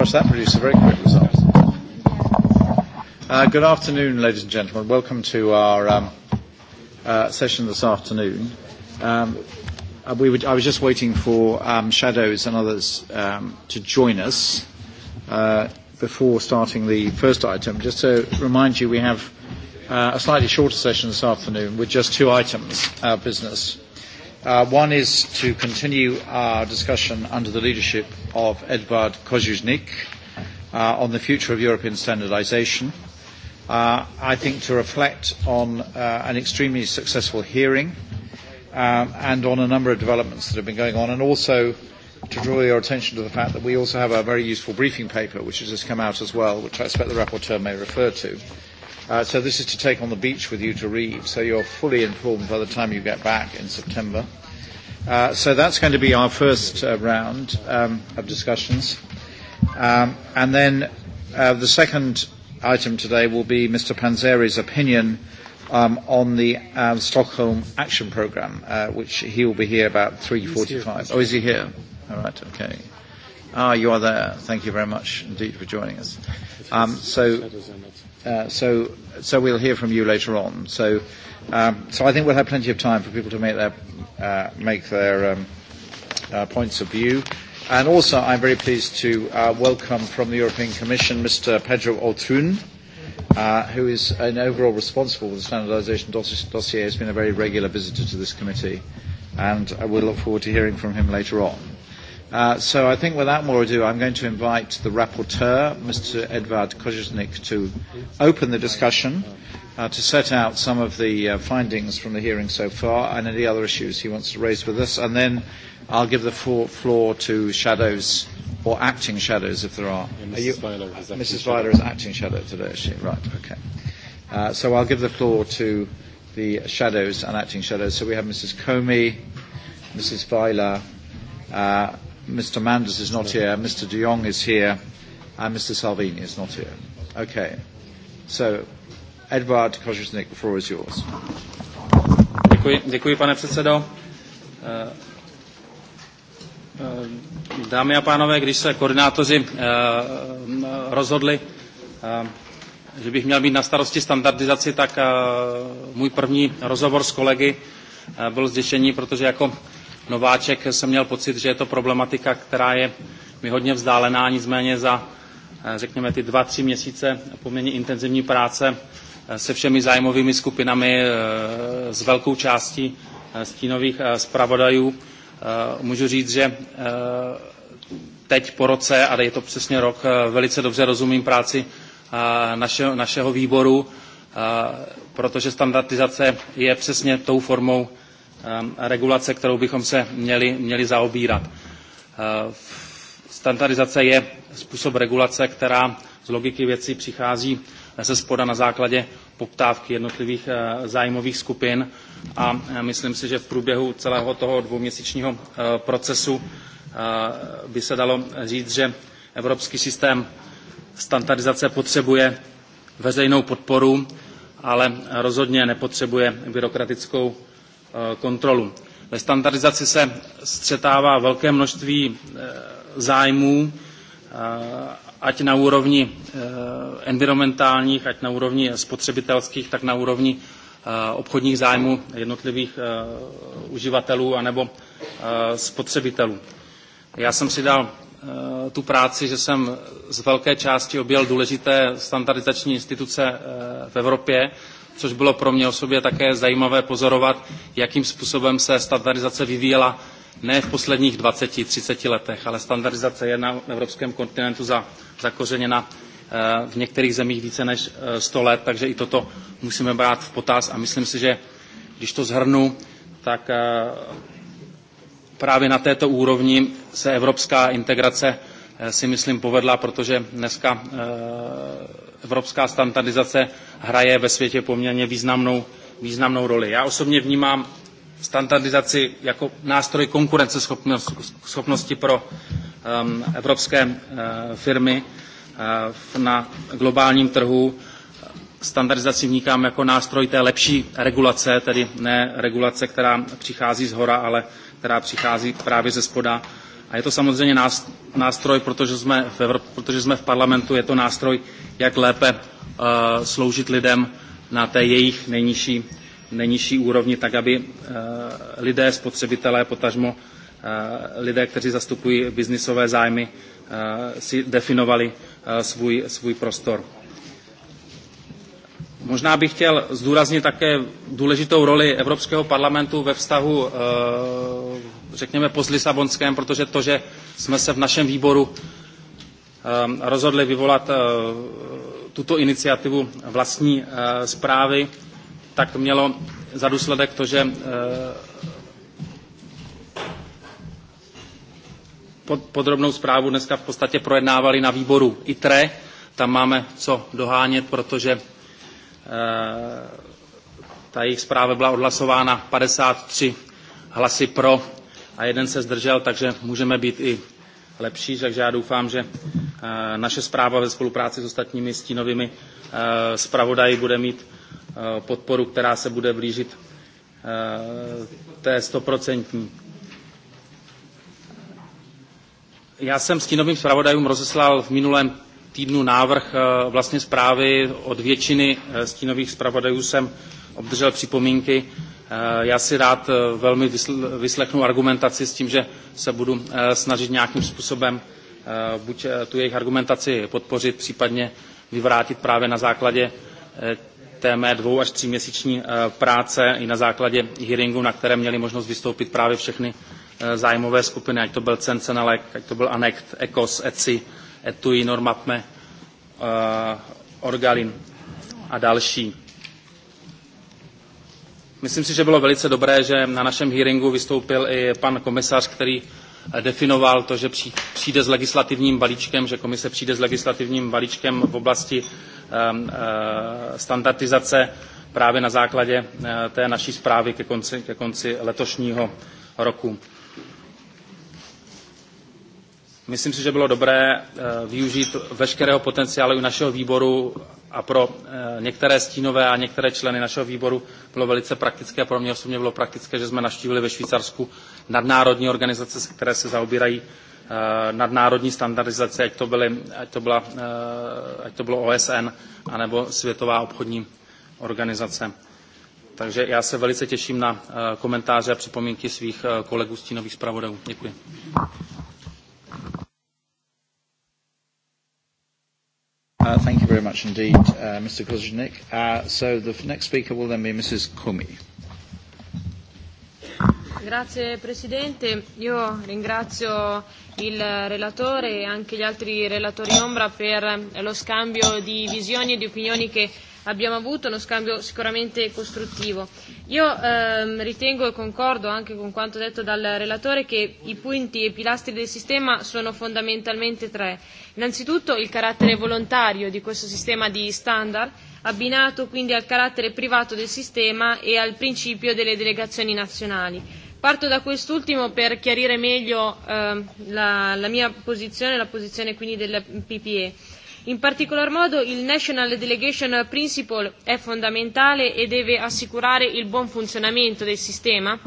Watch that produce a very quick result. Uh, good afternoon, ladies and gentlemen. Welcome to our um, uh, session this afternoon. Um, uh, we would, I was just waiting for um, shadows and others um, to join us uh, before starting the first item. Just to remind you, we have uh, a slightly shorter session this afternoon with just two items, our business Uh, one is to continue our discussion under the leadership of Edvard Kozuznik uh, on the future of European standardisation. Uh, I think to reflect on uh, an extremely successful hearing um, and on a number of developments that have been going on, and also to draw your attention to the fact that we also have a very useful briefing paper which has just come out as well, which I expect the rapporteur may refer to, Uh, so this is to take on the beach with you to read, so you're fully informed by the time you get back in September. Uh, so that's going to be our first uh, round um, of discussions. Um, and then uh, the second item today will be Mr. Panzeri's opinion um, on the uh, Stockholm Action Programme, uh, which he will be here about 3.45. Oh, is he here? All right, okay. Ah, you are there. Thank you very much indeed for joining us. Um, so Uh, so, so we'll hear from you later on. So, um, so I think we'll have plenty of time for people to make their, uh, make their um, uh, points of view. And also, I'm very pleased to uh, welcome from the European Commission Mr. Pedro Otun. uh, who is an overall responsible for the standardization doss- dossier, has been a very regular visitor to this committee, and I will look forward to hearing from him later on. Uh, so I think without more ado, I'm going to invite the rapporteur, Mr. Edvard Kojesnik, to open the discussion, uh, to set out some of the uh, findings from the hearing so far and any other issues he wants to raise with us. And then I'll give the floor, floor to shadows or acting shadows if there are. Yeah, Mrs. Are you, Weiler is Mrs. Weiler is acting shadow today, is she? Right, okay. Uh, so I'll give the floor to the shadows and acting shadows. So we have Mrs. Comey, Mrs. Weiler, uh, Mr. Manders is not here, Mr. de Jong is here, and Mr. Salvini is not here. Okay. So, Edward Kožušnik, the floor is yours. Děkuji, děkuji pane předsedo. Eh, eh, dámy a pánové, když se koordinátoři eh, rozhodli, že bych měl být na starosti standardizaci, tak můj první rozhovor s kolegy byl zděšení, protože jako nováček, jsem měl pocit, že je to problematika, která je mi hodně vzdálená, nicméně za, eh, řekněme, ty dva, tři měsíce poměrně intenzivní práce eh, se všemi zájmovými skupinami eh, s velkou částí stínových zpravodajů. Můžu říct, že teď po roce, a je to přesně rok, velice dobře rozumím práci naše, našeho výboru, protože standardizace je přesně tou formou Ehm, regulace, kterou bychom se měli, měli zaobírat. Ehm, standardizace je způsob regulace, která z logiky věcí přichází ze eh, spoda na základě poptávky jednotlivých eh, zájmových skupin a eh, myslím si, že v průběhu celého toho dvouměsíčního procesu by se dalo říct, že evropský systém standardizace potřebuje veřejnou podporu, ale rozhodně nepotřebuje byrokratickou Eh, kontrolu. Ve standardizaci se střetává velké množství eh, zájmů, eh, ať na úrovni environmentálních, ať na úrovni spotřebitelských, tak na úrovni obchodních zájmů jednotlivých uživatelů anebo spotřebitelů. Já jsem si dal tu práci, že jsem z velké části objel důležité standardizační instituce v Evropě což bylo pro mě osobně také zajímavé pozorovat, jakým způsobem se standardizace vyvíjela ne v posledních 20-30 letech, ale standardizace je na evropském kontinentu za, zakořeněna eh, v některých zemích více než 100 eh, let, takže i toto musíme brát v potaz a myslím si, že když to zhrnu, tak eh, právě na této úrovni se evropská integrace si myslím povedla, protože dneska evropská standardizace hraje ve světě poměrně významnou, významnou roli. Já osobně vnímám standardizaci jako nástroj konkurenceschopnosti pro um, evropské uh, firmy uh, na globálním trhu. Standardizaci vnímám jako nástroj té lepší regulace, tedy ne regulace, která přichází z hora, ale která přichází právě ze spoda a je to samozřejmě nástroj, protože jsme v, Evrop, protože jsme v parlamentu, je to nástroj, jak lépe uh, sloužit lidem na té jejich nejnižší, nejnižší úrovni, tak aby uh, lidé, spotřebitelé, potažmo uh, lidé, kteří zastupují biznisové zájmy, si definovali svůj, svůj prostor. Možná bych chtěl zdůraznit také důležitou roli Evropského parlamentu ve vztahu řekněme, postlisabonském, protože to, že jsme se v našem výboru ehm, rozhodli vyvolat eh, tuto iniciativu vlastní eh, zprávy, tak mělo za důsledek to, že eh, podrobnou zprávu dneska v podstatě projednávali na výboru ITRE. Tam máme co dohánět, protože ta jejich zpráva byla odhlasována 53 hlasy pro a jeden se zdržel, takže můžeme být i lepší, takže já doufám, že eh, naše zpráva ve spolupráci s ostatními stínovými eh, zpravodaji bude mít eh, podporu, která se bude blížit té stoprocentní. Já jsem stínovým zpravodajům rozeslal v minulém týdnu návrh vlastně zprávy od většiny stínových zpravodajů jsem obdržel připomínky Eh, já si rád eh, velmi vyslechnu argumentaci s tím, že se budu eh, snažit nějakým způsobem buď tu jejich argumentaci podpořit, případně vyvrátit právě na základě té mé dvou až tříměsíční práce i na základě hearingu, na které měli možnost vystoupit právě všechny zájmové skupiny, ať to byl CENELEC, ať to byl Anekt, ECOS, ECI, ETUI, Normatme, Orgalin a další. Myslím si, že bylo velice dobré, že na našem hearingu vystoupil i pan komisař, který eh, definoval to, že přijde s legislativním balíčkem, že komise přijde s legislativním balíčkem v oblasti ehm, eh, standardizace právě na základě eh, té naší zprávy ke konci, ke konci letošního roku. Myslím si, že bylo dobré využít veškerého potenciálu našeho výboru a pro eh, některé stínové a některé členy našeho výboru bylo velice praktické, pro mě osobně bylo praktické, že jsme navštívili ve Švýcarsku nadnárodní organizace, které se zaobírají eh, nadnárodní standardizace, ať to, byly, ať to, byla, eh, ať to bylo OSN, anebo Světová obchodní organizace. Takže já se velice těším na komentáře a připomínky svých kolegů stínových zpravodajů. Děkuji. Uh, thank you very much indeed, uh, Mr. Koznick. Uh, so the next speaker will then be Mrs. Kumi. Grazie Presidente, io ringrazio il relatore e anche gli altri relatori ombra per lo scambio di visioni e di opinioni che abbiamo avuto uno scambio sicuramente costruttivo. Io ehm, ritengo e concordo anche con quanto detto dal relatore che i punti e i pilastri del sistema sono fondamentalmente tre. Innanzitutto il carattere volontario di questo sistema di standard abbinato quindi al carattere privato del sistema e al principio delle delegazioni nazionali. Parto da quest'ultimo per chiarire meglio eh, la, la mia posizione e la posizione quindi del PPE. In particolar modo il National Delegation Principle è fondamentale e deve assicurare il buon funzionamento del sistema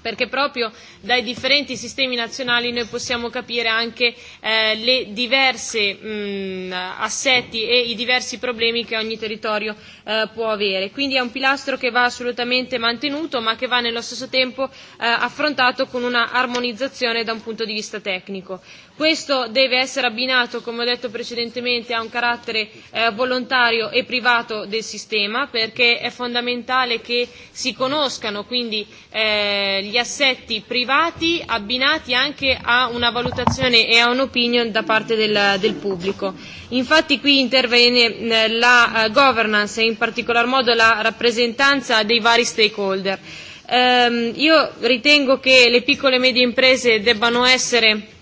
perché proprio dai differenti sistemi nazionali noi possiamo capire anche eh, le diverse mh, mm, assetti e i diversi problemi che ogni territorio eh, può avere. Quindi è un pilastro che va assolutamente mantenuto ma che va nello stesso tempo eh, affrontato con una armonizzazione da un punto di vista tecnico. Questo deve essere abbinato, come ho detto precedentemente, a un carattere eh, volontario e privato del sistema perché è fondamentale che si conoscano quindi eh, gli assetti privati abbinati anche a una valutazione e a un'opinion da parte del, del pubblico. Infatti qui interviene la eh, governance e in particolar modo la rappresentanza dei vari stakeholder. Eh, io ritengo che le piccole e medie imprese debbano essere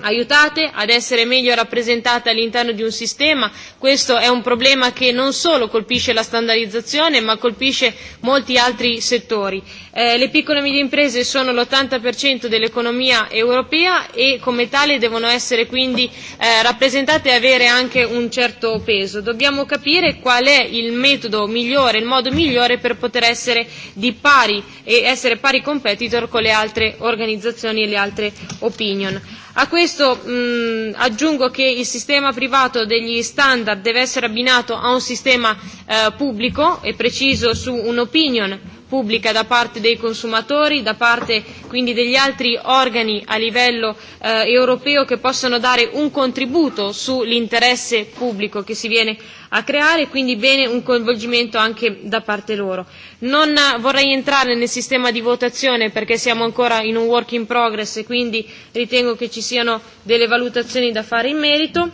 aiutate ad essere meglio rappresentate all'interno di un sistema. Questo è un problema che non solo colpisce la standardizzazione ma colpisce molti altri settori. Eh, le piccole e medie imprese sono l'80% dell'economia europea e come tale devono essere quindi eh, rappresentate e avere anche un certo peso. Dobbiamo capire qual è il metodo migliore, il modo migliore per poter essere di pari e essere pari competitor con le altre organizzazioni e le altre opinion. A questo mh, mm, aggiungo che il sistema privato degli standard deve essere abbinato a un sistema eh, pubblico, e preciso su un'opinion pubblica da parte dei consumatori, da parte quindi degli altri organi a livello eh, europeo che possano dare un contributo sull'interesse pubblico che si viene a creare, quindi bene un coinvolgimento anche da parte loro. Non eh, vorrei entrare nel sistema di votazione perché siamo ancora in un work in progress e quindi ritengo che ci siano delle valutazioni da fare in merito.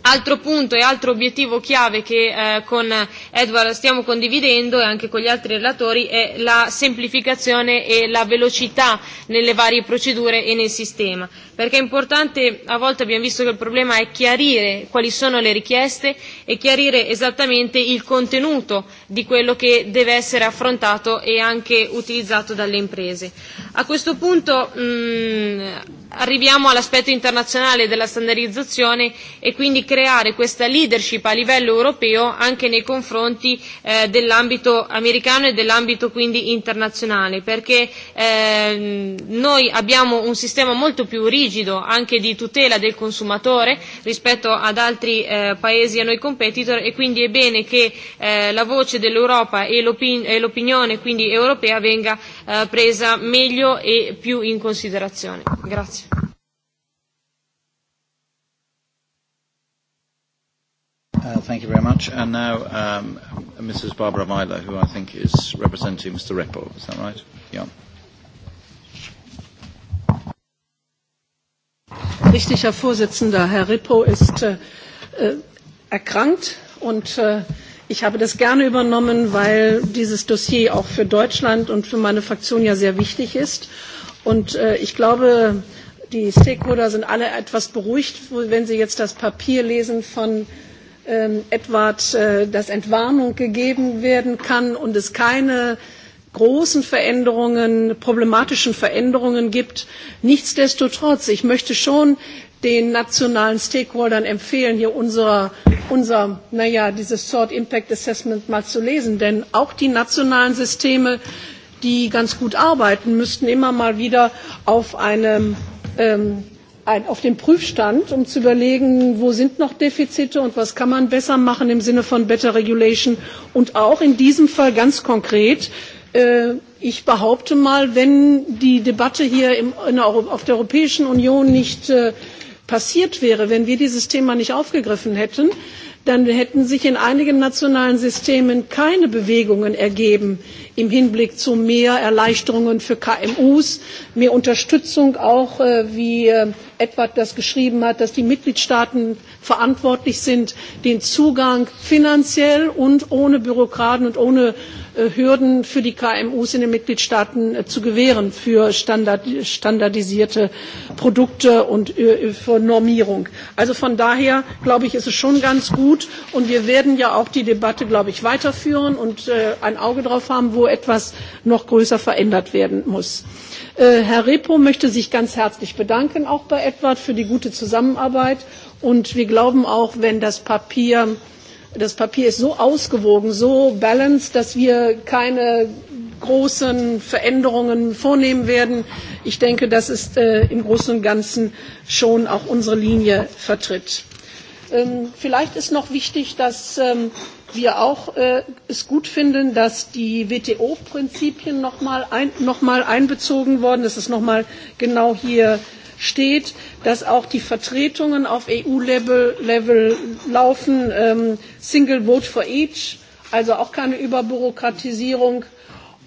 Altro punto e altro obiettivo chiave che eh, con Edward stiamo condividendo e anche con gli altri relatori è la semplificazione e la velocità nelle varie procedure e nel sistema. Perché è importante, a volte abbiamo visto che il problema è chiarire quali sono le richieste e chiarire esattamente il contenuto di quello che deve essere affrontato e anche utilizzato dalle imprese. A questo punto mh, mm, arriviamo all'aspetto internazionale della standardizzazione e quindi creare questa leadership a livello europeo anche nei confronti confronti eh, dell'ambito americano e dell'ambito quindi internazionale, perché eh, noi abbiamo un sistema molto più rigido anche di tutela del consumatore rispetto ad altri eh, paesi a noi competitor e quindi è bene che eh, la voce dell'Europa e, l'opin- e l'opinione quindi europea venga eh, presa meglio e più in considerazione. Grazie. Uh, thank you very much. And now um, Mrs. Barbara Myler, who I think is representing Mr. Repo. Is that right? Yeah. Richtig, Herr Vorsitzender. Herr Repo ist äh, äh, erkrankt und äh, ich habe das gerne übernommen, weil dieses Dossier auch für Deutschland und für meine Fraktion ja sehr wichtig ist. Und äh, ich glaube, die Stakeholder sind alle etwas beruhigt, wenn sie jetzt das Papier lesen von ähm, Edward, äh, dass Entwarnung gegeben werden kann und es keine großen Veränderungen, problematischen Veränderungen gibt. Nichtsdestotrotz, ich möchte schon den nationalen Stakeholdern empfehlen, hier unser, unser naja, dieses Sort Impact Assessment mal zu lesen. Denn auch die nationalen Systeme, die ganz gut arbeiten, müssten immer mal wieder auf einem ähm, ein, auf den Prüfstand, um zu überlegen, wo sind noch Defizite und was kann man besser machen im Sinne von Better Regulation und auch in diesem Fall ganz konkret äh, ich behaupte mal, wenn die Debatte hier im, in, auf der Europäischen Union nicht äh, passiert wäre, wenn wir dieses Thema nicht aufgegriffen hätten, dann hätten sich in einigen nationalen Systemen keine Bewegungen ergeben im Hinblick zu mehr Erleichterungen für KMUs, mehr Unterstützung auch, äh, wie äh, Edward das geschrieben hat, dass die Mitgliedstaaten verantwortlich sind, den Zugang finanziell und ohne Bürokraten und ohne Hürden für die KMUs in den Mitgliedstaaten äh, zu gewähren für Standard, standardisierte Produkte und äh, für Normierung. Also von daher glaube ich, ist es schon ganz gut und wir werden ja auch die Debatte, glaube ich, weiterführen und äh, ein Auge darauf haben, wo etwas noch größer verändert werden muss. Herr Repo möchte sich ganz herzlich bedanken, auch bei Edward, für die gute Zusammenarbeit. Und wir glauben auch, wenn das Papier das Papier ist so ausgewogen, so balanced, dass wir keine großen Veränderungen vornehmen werden. Ich denke, das ist äh, im Großen und Ganzen schon auch unsere Linie vertritt. Ähm, vielleicht ist noch wichtig, dass ähm, wir auch äh, es gut finden, dass die WTO-Prinzipien nochmal ein, noch einbezogen wurden. Das ist nochmal genau hier steht, dass auch die Vertretungen auf EU-Level laufen, ähm, Single Vote for Each, also auch keine Überbürokratisierung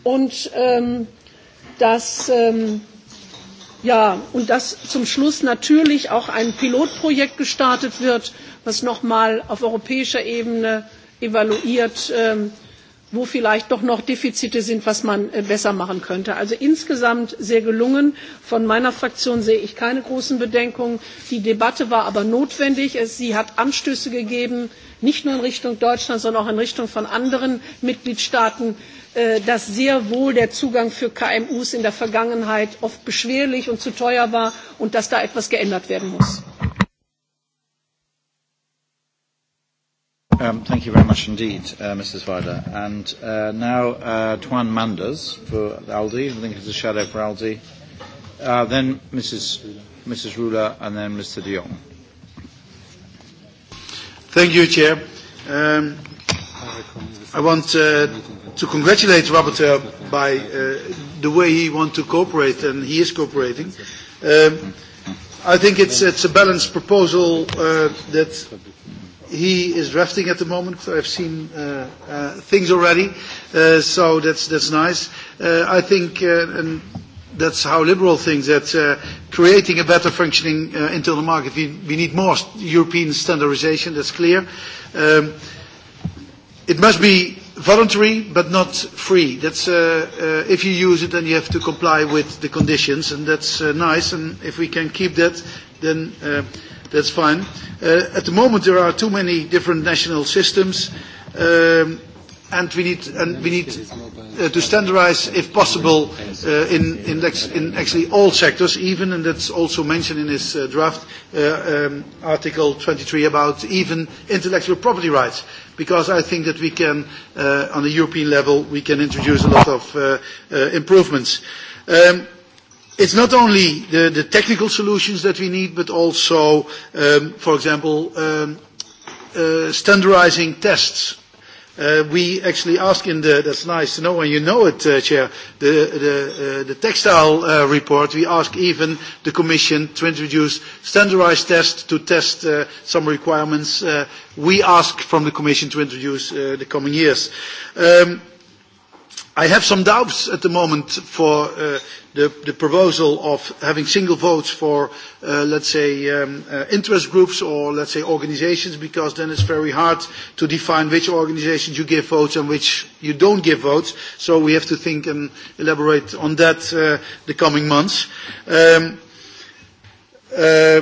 und ähm, dass ähm, ja, und dass zum Schluss natürlich auch ein Pilotprojekt gestartet wird, was nochmal auf europäischer Ebene evaluiert ähm, wo vielleicht doch noch Defizite sind, was man äh, besser machen könnte. Also insgesamt sehr gelungen. Von meiner Fraktion sehe ich keine großen Bedenken. Die Debatte war aber notwendig. Sie hat Anstöße gegeben, nicht nur in Richtung Deutschland, sondern auch in Richtung von anderen Mitgliedstaaten äh, dass sehr wohl der Zugang für KMUs in der Vergangenheit oft beschwerlich und zu teuer war und dass da etwas geändert werden muss. Um, thank you very much indeed, uh, Mrs. Weiler. And uh, now, uh, Manders for ALDI. I think it's a shadow for ALDI. Uh, then Mrs. Mrs. and then Mr. De Jong. Thank you, Chair. Um, I want uh, to congratulate Rapporteur by uh, the way he wants to cooperate, and he is cooperating. Um, I think it's, it's a balanced proposal uh, that he is drafting at the moment. I've seen uh, uh, things already, uh, so that's that's nice. Uh, I think, uh, and that's how liberal thinks that uh, creating a better functioning uh, internal market, we, we need more European standardisation. That's clear. Um, it must be voluntary but not free. That's, uh, uh, if you use it, then you have to comply with the conditions, and that's uh, nice. And if we can keep that, then. Uh, That's fine. Uh, at the moment, there are too many different national systems, um, and we need, and we need uh, to standardize, if possible, uh, in, in, ex, in actually all sectors, even, and that's also mentioned in this uh, draft uh, um, Article 23 about even intellectual property rights because I think that we can, uh, on the European level, we can introduce a lot of uh, uh, improvements. Um, it's not only the, the technical solutions that we need, but also, um, for example, um, uh, standardizing tests. Uh, we actually ask in the, that's nice to know, and you know it, uh, Chair, the, the, uh, the textile uh, report, we ask even the Commission to introduce standardized tests to test uh, some requirements uh, we ask from the Commission to introduce uh, the coming years. Um, i have some doubts at the moment for uh, the, the proposal of having single votes for, uh, let's say, um, uh, interest groups or, let's say, organizations, because then it's very hard to define which organizations you give votes and which you don't give votes. So we have to think and elaborate on that uh, the coming months. Um, uh,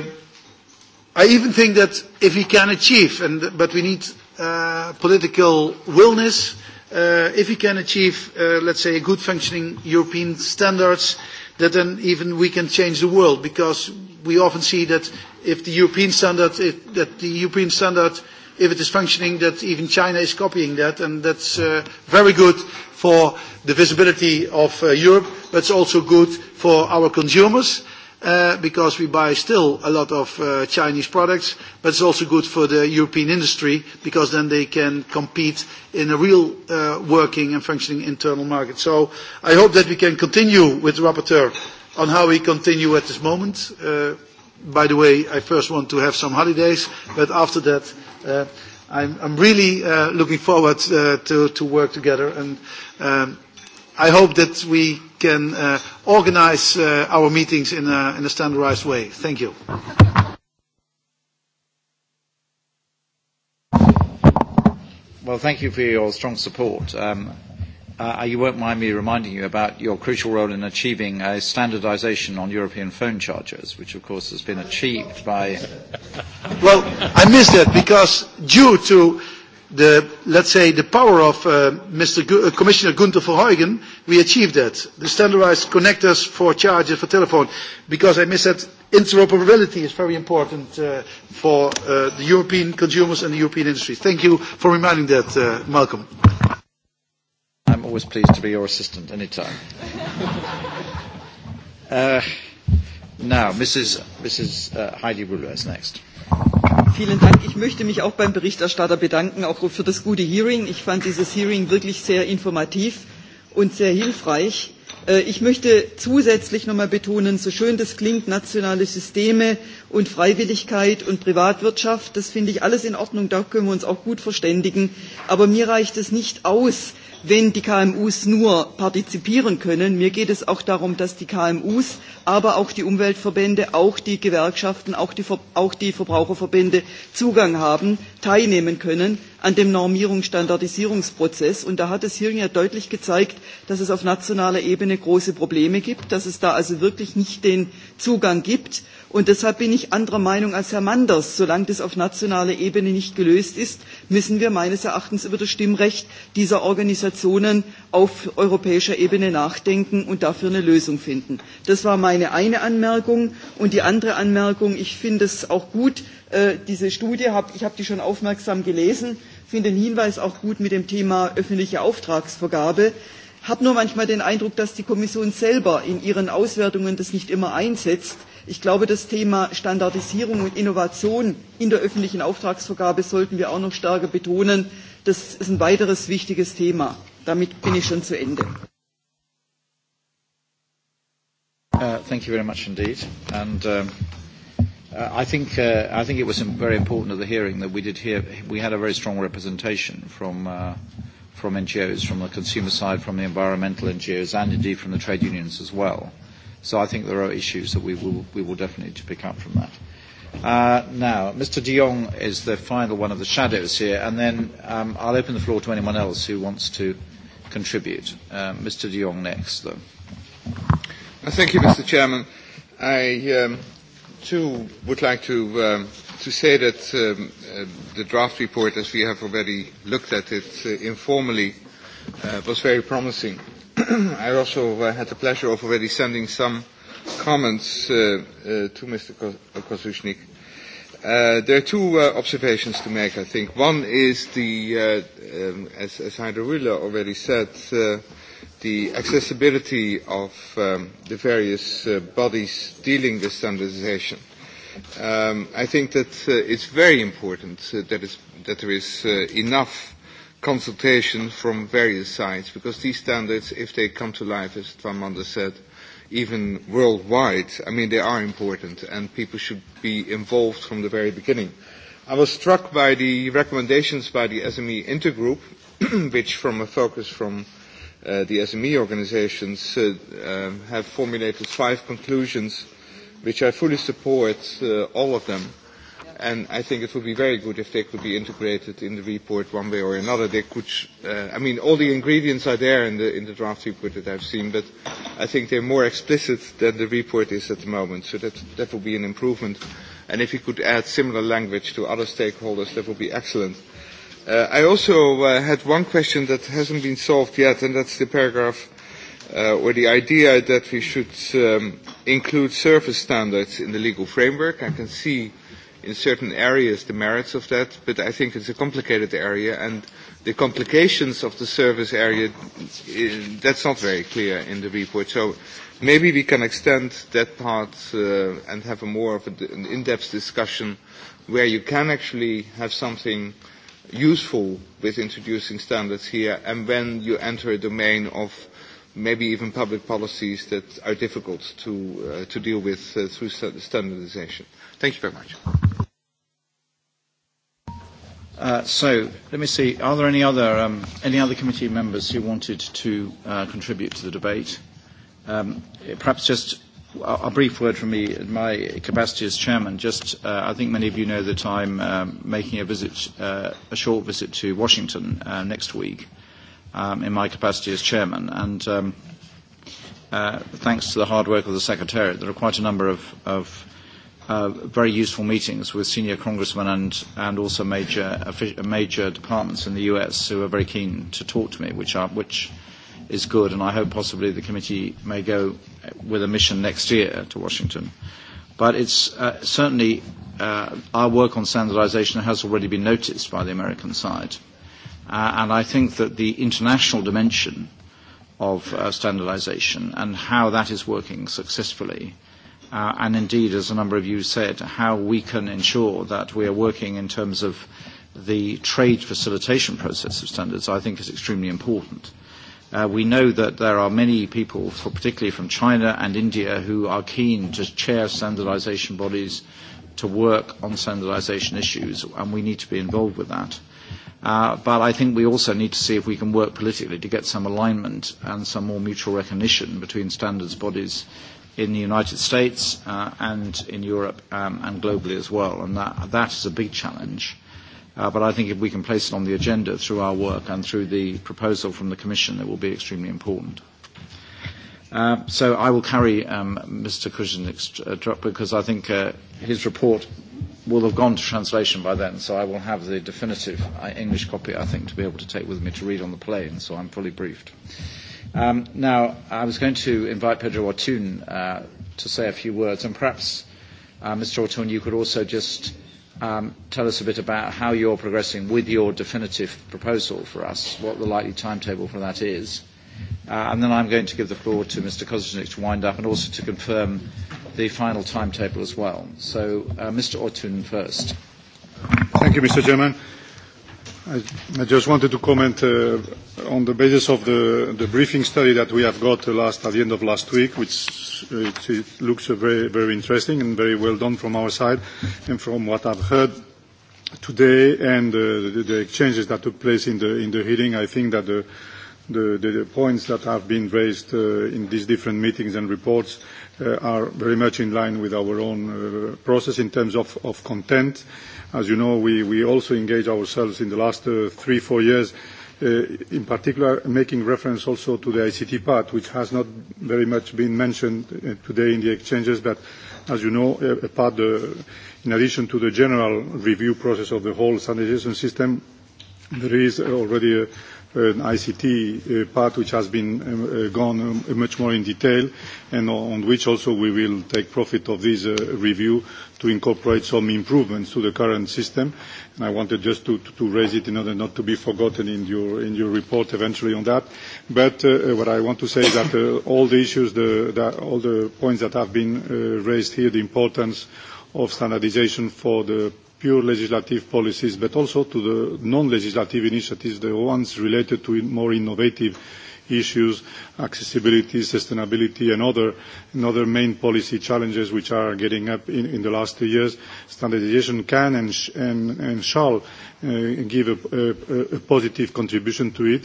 I even think that if we can achieve, and, but we need uh, political willness, uh, uh, if we can achieve, uh, let's say, good functioning European standards, that then even we can change the world, because we often see that if the European standard, if, that the European standard, if it is functioning, that even China is copying that, and that's uh, very good for the visibility of uh, Europe, but it's also good for our consumers Uh, because we buy still a lot of uh, Chinese products, but it's also good for the European industry because then they can compete in a real uh, working and functioning internal market. So I hope that we can continue with the rapporteur on how we continue at this moment. by the way, I first want to have some holidays, but after that, uh, I'm, really looking forward to, to work together. And um, i hope that we can uh, organize uh, our meetings in a, in a standardized way. Thank you. Well, thank you for your strong support. Um, uh, you won't mind me reminding you about your crucial role in achieving a standardization on European phone chargers, which of course has been achieved by... well, I missed that because due to the, let's say, the power of uh, Mr. Gu uh, Commissioner Gunther Verheugen, we achieved that. The standardized connectors for chargers for telephone, because I miss that interoperability is very important uh, for uh, the European consumers and the European industry. Thank you for reminding that, uh, Malcolm. I'm always pleased to be your assistant anytime. uh, now, Mrs. Mrs. Uh, Heidi Ruler is next. Vielen Dank. Ich möchte mich auch beim Berichterstatter bedanken, auch für das gute Hearing. Ich fand dieses Hearing wirklich sehr informativ und sehr hilfreich. Äh, ich möchte zusätzlich noch einmal betonen, so schön das klingt, nationale Systeme und Freiwilligkeit und Privatwirtschaft, das finde ich alles in Ordnung, da können wir uns auch gut verständigen. Aber mir reicht es nicht aus, wenn die KMUs nur partizipieren können. Mir geht es auch darum, dass die KMUs, aber auch die Umweltverbände, auch die Gewerkschaften, auch die, auch die Verbraucherverbände Zugang haben, teilnehmen können an dem Normierungsstandardisierungsprozess. Und da hat das Hearing ja deutlich gezeigt, dass es auf nationaler Ebene große Probleme gibt, dass es da also wirklich nicht den Zugang gibt. Und deshalb bin ich anderer Meinung als Herr Manders. Solange das auf nationaler Ebene nicht gelöst ist, müssen wir meines Erachtens über das Stimmrecht dieser Organisationen auf europäischer Ebene nachdenken und dafür eine Lösung finden. Das war meine eine Anmerkung. Und die andere Anmerkung, ich finde es auch gut, Äh, diese Studie, hab, ich habe die schon aufmerksam gelesen, finde den Hinweis auch gut mit dem Thema öffentliche Auftragsvergabe, habe nur manchmal den Eindruck, dass die Kommission selber in ihren Auswertungen das nicht immer einsetzt. Ich glaube, das Thema Standardisierung und Innovation in der öffentlichen Auftragsvergabe sollten wir auch noch stärker betonen. Das ist ein weiteres wichtiges Thema. Damit bin ich schon zu Ende. Uh, thank you very much indeed. And, um, Uh, I think uh, I think it was very important at the hearing that we did hear we had a very strong representation from uh, from NGOs, from the consumer side, from the environmental NGOs, and indeed from the trade unions as well. So I think there are issues that we will we will definitely need to pick up from that. Uh, now, Mr. De Jong is the final one of the shadows here, and then um, I'll open the floor to anyone else who wants to contribute. Uh, Mr. De Jong next, though. Uh, thank you, Mr. Chairman. I um, too would like to, um, to say that um, uh, the draft report, as we have already looked at it uh, informally, uh, was very promising. I also uh, had the pleasure of already sending some comments uh, uh, to Mr. Uh, Kozushnik. Uh, there are two uh, observations to make, I think. One is the, uh, um, as, as Heider Rüller already said, uh, the accessibility of um, the various uh, bodies dealing with standardization. Um, I think that uh, it's very important uh, that, it's, that there is uh, enough consultation from various sides because these standards, if they come to life, as Manda said, even worldwide, I mean, they are important and people should be involved from the very beginning. I was struck by the recommendations by the SME Intergroup, which from a focus from Uh, the SME organizations uh, um, have formulated five conclusions, which I fully support, uh, all of them. And I think it would be very good if they could be integrated in the report one way or another. They could, uh, I mean, all the ingredients are there in the, in the draft report that I've seen, but I think they're more explicit than the report is at the moment. So that, that would be an improvement. And if you could add similar language to other stakeholders, that would be excellent. Uh, I also uh, had one question that hasn't been solved yet, and that's the paragraph uh, or the idea that we should um, include service standards in the legal framework. I can see in certain areas the merits of that, but I think it's a complicated area, and the complications of the service area, that's not very clear in the report. So maybe we can extend that part uh, and have a more of an in-depth discussion where you can actually have something – useful with introducing standards here and when you enter a domain of maybe even public policies that are difficult to, uh, to deal with uh, through standardization. Thank you very much. Uh, so let me see. Are there any other um, any other committee members who wanted to uh, contribute to the debate? Um, perhaps just a brief word from me in my capacity as chairman. Just, uh, I think many of you know that I'm uh, making a visit, uh, a short visit to Washington uh, next week um, in my capacity as chairman. And um, uh, thanks to the hard work of the Secretariat, there are quite a number of, of uh, very useful meetings with senior congressmen and, and also major, major departments in the US who are very keen to talk to me, which, are, which – is good, and I hope possibly the committee may go with a mission next year to Washington. But it's uh, certainly uh, our work on standardization has already been noticed by the American side. Uh, and I think that the international dimension of uh, standardization and how that is working successfully Uh, and indeed, as a number of you said, how we can ensure that we are working in terms of the trade facilitation process of standards, I think is extremely important. Uh, we know that there are many people, particularly from China and India, who are keen to chair standardisation bodies to work on standardisation issues, and we need to be involved with that. Uh, but I think we also need to see if we can work politically to get some alignment and some more mutual recognition between standards bodies in the United States uh, and in Europe um, and globally as well. And that, that is a big challenge. Uh, but I think if we can place it on the agenda through our work and through the proposal from the Commission, it will be extremely important. Uh, so I will carry um, Mr. Cushion's uh, because I think uh, his report will have gone to translation by then, so I will have the definitive uh, English copy, I think, to be able to take with me to read on the plane, so I'm fully briefed. Um, now, I was going to invite Pedro Ortun uh, to say a few words, and perhaps, uh, Mr. Ortun, you could also just Um, tell us a bit about how you're progressing with your definitive proposal for us, what the likely timetable for that is. Uh, and then I'm going to give the floor to Mr. Kozicek to wind up and also to confirm the final timetable as well. So, uh, Mr. Ortun first. Thank you, Mr. Chairman. I, just wanted to comment uh, on the basis of the, the briefing study that we have got uh, last, at the end of last week, which uh, it, it looks uh, very, very interesting and very well done from our side. And from what I've heard today and uh, the, the exchanges that took place in the, in the hearing, I think that the, the points that have been raised in these different meetings and reports Uh, are very much in line with our own uh, process in terms of, content. As you know, we, also engage ourselves in the last uh, three, four years, in particular, making reference also to the ICT part, which has not very much been mentioned today in the exchanges, as you know, in addition to the general review process of the whole standardization system, there is already Uh, ICT uh, part which has been um, uh, gone um, much more in detail and on which also we will take profit of this review to incorporate some improvements to the current system. And I wanted just to, raise it in order not to be forgotten in your, in your report eventually on that. But what I want to say is that all the issues, all the points that have been raised here, the importance of standardization for the pure legislative policies, but also to the non-legislative initiatives, the ones related to more innovative issues, accessibility, sustainability, and other, and other main policy challenges which are getting up in, in the last two years. Standardization can and, sh and, and shall uh, give a, a, a positive contribution to it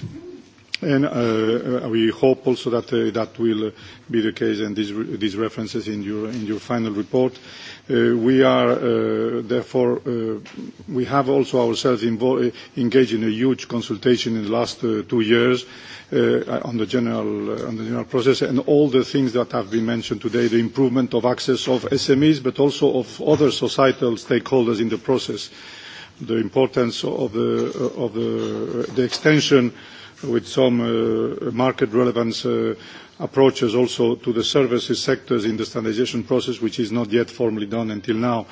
And uh, uh, we hope also that uh, that will be the case and these, re these references in your, in your final report. Uh, we are uh, therefore, uh, we have also ourselves engaged in a huge consultation in the last two years on the, general, on the general process and all the things that have been mentioned today, the improvement of access of SMEs, but also of other societal stakeholders in the process, the importance of the, of the, the extension with some uh, market relevance uh, approaches also to the services sectors in the standardization process, which is not yet formally done until now.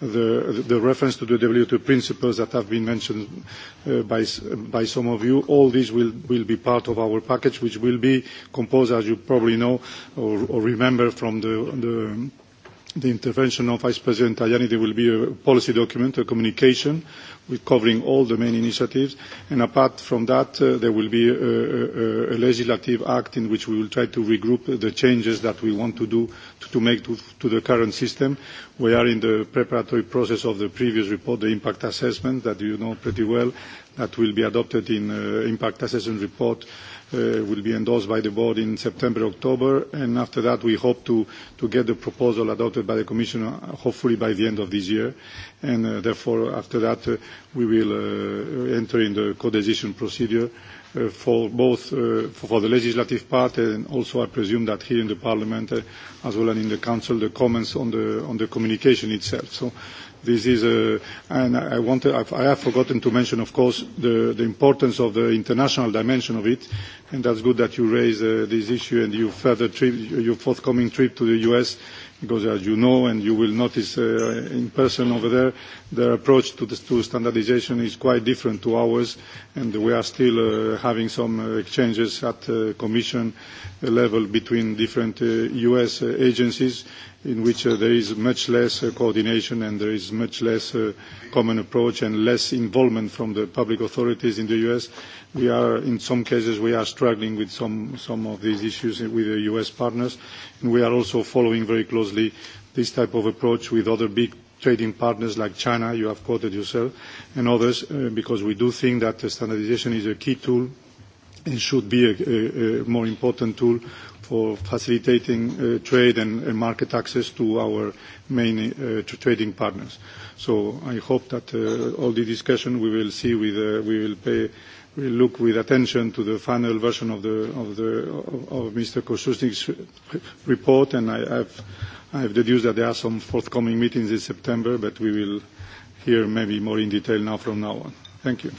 The, reference to the WTO principles that have been mentioned uh, by, by some of you, all these will, will be part of our package, which will be composed, as you probably know or, or remember from the, the the intervention of Vice President Tajani, there will be a policy document, a communication, with covering all the main initiatives. And apart from that, uh, there will be a, a, a legislative act in which we will try to regroup the changes that we want to do to, to make to, to the current system. We are in the preparatory process of the previous report, the impact assessment that you know pretty well, that will be adopted in uh, impact assessment report uh, will be endorsed by the board in September, October, and after that we hope to, to get the proposal adopted by the Commission uh, hopefully by the end of this year, and uh, therefore after that uh, we will uh, enter in the co-decision procedure for both uh, for the legislative part and also I presume that here in the Parliament uh, as well and in the Council the comments on the on the communication itself. So this is a, uh, and I wanted I've, I have forgotten to mention of course the, the importance of the international dimension of it, and that's good that you raise uh, this issue and you further trip, your forthcoming trip to the U.S because as you know, and you will notice uh, in person over there, their approach to, the, to standardization is quite different to ours, and we are still uh, having some uh, exchanges at uh, commission level between different uh, U.S. Uh, agencies in which uh, there is much less uh, coordination and there is much less uh, common approach and less involvement from the public authorities in the U.S. We are, in some cases, we are struggling with some, some of these issues with the U.S. partners, and we are also following very closely this type of approach with other big trading partners like China, you have quoted yourself, and others, uh, because we do think that standardization is a key tool and should be a, more important tool for facilitating uh, trade and, market access to our main uh, trading partners. So I hope that uh, all the discussion we will see with, we will pay, we'll look with attention to the final version of, the, of, the, of Mr. Kosusnik's report, and I, I've, I've deduced that there are some forthcoming meetings in September, but we will hear maybe more in detail now from now on. Thank you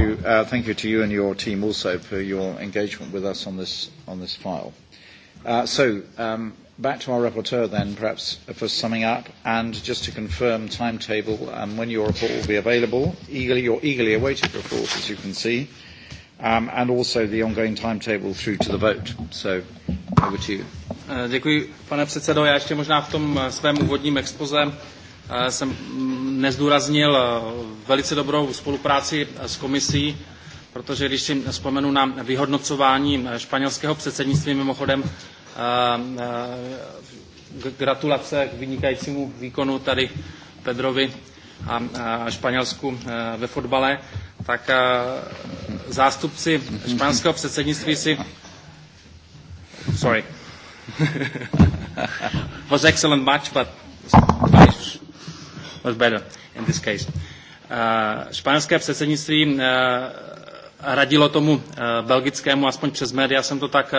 you. Uh, thank you to you and your team also for your engagement with us on this, on this file. Uh, so um, back to our rapporteur then, perhaps for summing up and just to confirm timetable and um, when your report will be available. Eagerly, your eagerly awaited report, as you can see, um, and also the ongoing timetable through to the vote. So over to you. Uh, děkuji, pane předsedo. Já ještě možná v tom uh, svém úvodním expozem Eh, jsem mm, nezdůraznil eh, velice dobrou spolupráci eh, s komisí, protože když si vzpomenu na vyhodnocování španělského předsednictví, mimochodem gratulace k vynikajícímu výkonu tady Pedrovi a Španělsku ve fotbale, tak zástupci španělského předsednictví si sorry was excellent match but Spanish much better in this case. Uh, španělské předsednictví uh, radilo tomu uh, belgickému, aspoň přes média jsem to tak